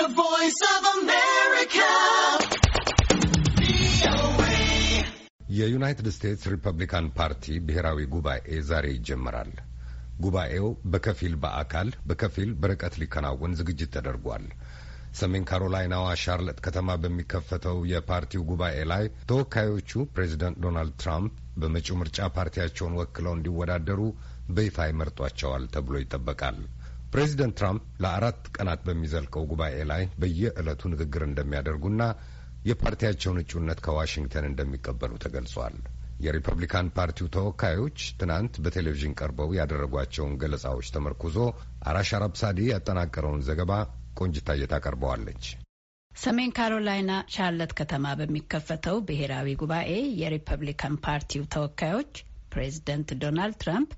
The Voice of America. የዩናይትድ ስቴትስ ሪፐብሊካን ፓርቲ ብሔራዊ ጉባኤ ዛሬ ይጀመራል። ጉባኤው በከፊል በአካል በከፊል በርቀት ሊከናወን ዝግጅት ተደርጓል። ሰሜን ካሮላይናዋ ሻርለት ከተማ በሚከፈተው የፓርቲው ጉባኤ ላይ ተወካዮቹ ፕሬዚደንት ዶናልድ ትራምፕ በመጪው ምርጫ ፓርቲያቸውን ወክለው እንዲወዳደሩ በይፋ ይመርጧቸዋል ተብሎ ይጠበቃል። ፕሬዚደንት ትራምፕ ለአራት ቀናት በሚዘልቀው ጉባኤ ላይ በየዕለቱ ንግግር እንደሚያደርጉና የፓርቲያቸውን እጩነት ከዋሽንግተን እንደሚቀበሉ ተገልጿል። የሪፐብሊካን ፓርቲው ተወካዮች ትናንት በቴሌቪዥን ቀርበው ያደረጓቸውን ገለጻዎች ተመርኩዞ አራሽ አራብሳዲ ያጠናቀረውን ዘገባ ቆንጅታዬ ታቀርበዋለች። ሰሜን ካሮላይና ሻርለት ከተማ በሚከፈተው ብሔራዊ ጉባኤ የሪፐብሊካን ፓርቲው ተወካዮች ፕሬዚደንት ዶናልድ ትራምፕ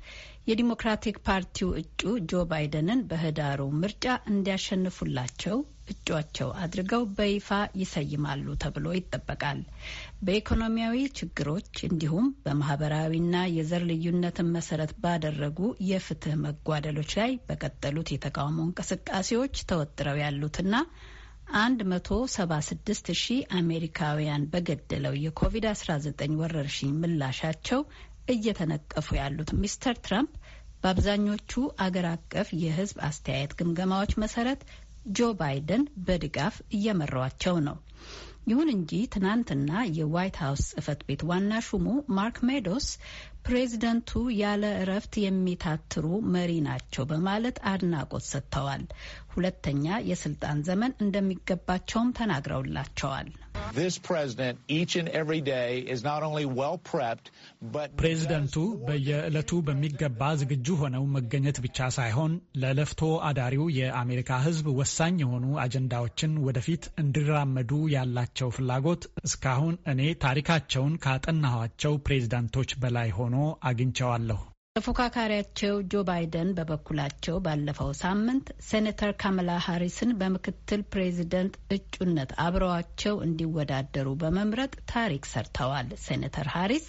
የዲሞክራቲክ ፓርቲው እጩ ጆ ባይደንን በህዳሩ ምርጫ እንዲያሸንፉላቸው እጩአቸው አድርገው በይፋ ይሰይማሉ ተብሎ ይጠበቃል። በኢኮኖሚያዊ ችግሮች እንዲሁም በማህበራዊና የዘር ልዩነትን መሰረት ባደረጉ የፍትህ መጓደሎች ላይ በቀጠሉት የተቃውሞ እንቅስቃሴዎች ተወጥረው ያሉትና 176 ሺህ አሜሪካውያን በገደለው የኮቪድ-19 ወረርሽኝ ምላሻቸው እየተነቀፉ ያሉት ሚስተር ትራምፕ በአብዛኞቹ አገር አቀፍ የህዝብ አስተያየት ግምገማዎች መሰረት ጆ ባይደን በድጋፍ እየመሯቸው ነው። ይሁን እንጂ ትናንትና የዋይት ሀውስ ጽህፈት ቤት ዋና ሹሙ ማርክ ሜዶስ ፕሬዚደንቱ ያለ እረፍት የሚታትሩ መሪ ናቸው በማለት አድናቆት ሰጥተዋል። ሁለተኛ የስልጣን ዘመን እንደሚገባቸውም ተናግረውላቸዋል። ፕሬዝደንቱ በየዕለቱ በሚገባ ዝግጁ ሆነው መገኘት ብቻ ሳይሆን ለለፍቶ አዳሪው የአሜሪካ ሕዝብ ወሳኝ የሆኑ አጀንዳዎችን ወደፊት እንዲራመዱ ያላቸው ፍላጎት እስካሁን እኔ ታሪካቸውን ካጠናኋቸው ፕሬዚዳንቶች በላይ ሆኖ አግኝቸዋለሁ። ተፎካካሪያቸው ጆ ባይደን በበኩላቸው ባለፈው ሳምንት ሴኔተር ካመላ ሃሪስን በምክትል ፕሬዚደንት እጩነት አብረዋቸው እንዲወዳደሩ በመምረጥ ታሪክ ሰርተዋል። ሴኔተር ሃሪስ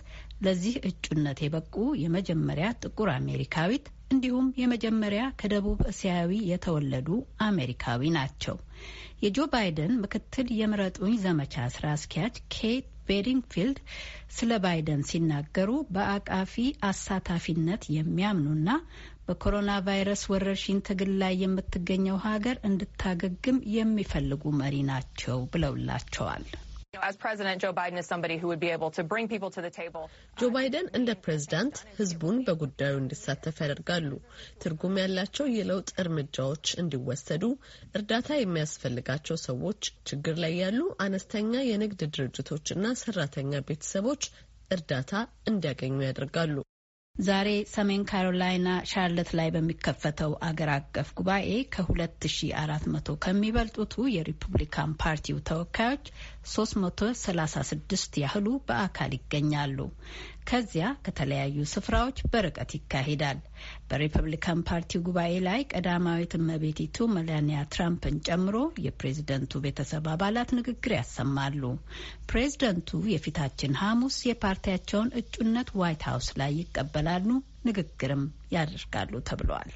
ለዚህ እጩነት የበቁ የመጀመሪያ ጥቁር አሜሪካዊት እንዲሁም የመጀመሪያ ከደቡብ እስያዊ የተወለዱ አሜሪካዊ ናቸው። የጆ ባይደን ምክትል የምረጡኝ ዘመቻ ስራ አስኪያጅ ኬት ቤዲንግፊልድ ስለ ባይደን ሲናገሩ በአቃፊ አሳታፊነት የሚያምኑና በኮሮና ቫይረስ ወረርሽኝ ትግል ላይ የምትገኘው ሀገር እንድታገግም የሚፈልጉ መሪ ናቸው ብለውላቸዋል። ጆ ባይደን እንደ ፕሬዝዳንት ህዝቡን በጉዳዩ እንዲሳተፍ ያደርጋሉ። ትርጉም ያላቸው የለውጥ እርምጃዎች እንዲወሰዱ፣ እርዳታ የሚያስፈልጋቸው ሰዎች፣ ችግር ላይ ያሉ አነስተኛ የንግድ ድርጅቶችና ሰራተኛ ቤተሰቦች እርዳታ እንዲያገኙ ያደርጋሉ። ዛሬ ሰሜን ካሮላይና ሻርለት ላይ በሚከፈተው አገር አቀፍ ጉባኤ ከ2400 ከሚበልጡቱ የሪፑብሊካን ፓርቲው ተወካዮች 336 ያህሉ በአካል ይገኛሉ። ከዚያ ከተለያዩ ስፍራዎች በርቀት ይካሄዳል። በሪፐብሊካን ፓርቲው ጉባኤ ላይ ቀዳማዊት እመቤቲቱ መላኒያ ትራምፕን ጨምሮ የፕሬዝደንቱ ቤተሰብ አባላት ንግግር ያሰማሉ። ፕሬዝደንቱ የፊታችን ሐሙስ የፓርቲያቸውን እጩነት ዋይት ሀውስ ላይ ይቀበላል ይቀበላሉ፣ ንግግርም ያደርጋሉ ተብሏል።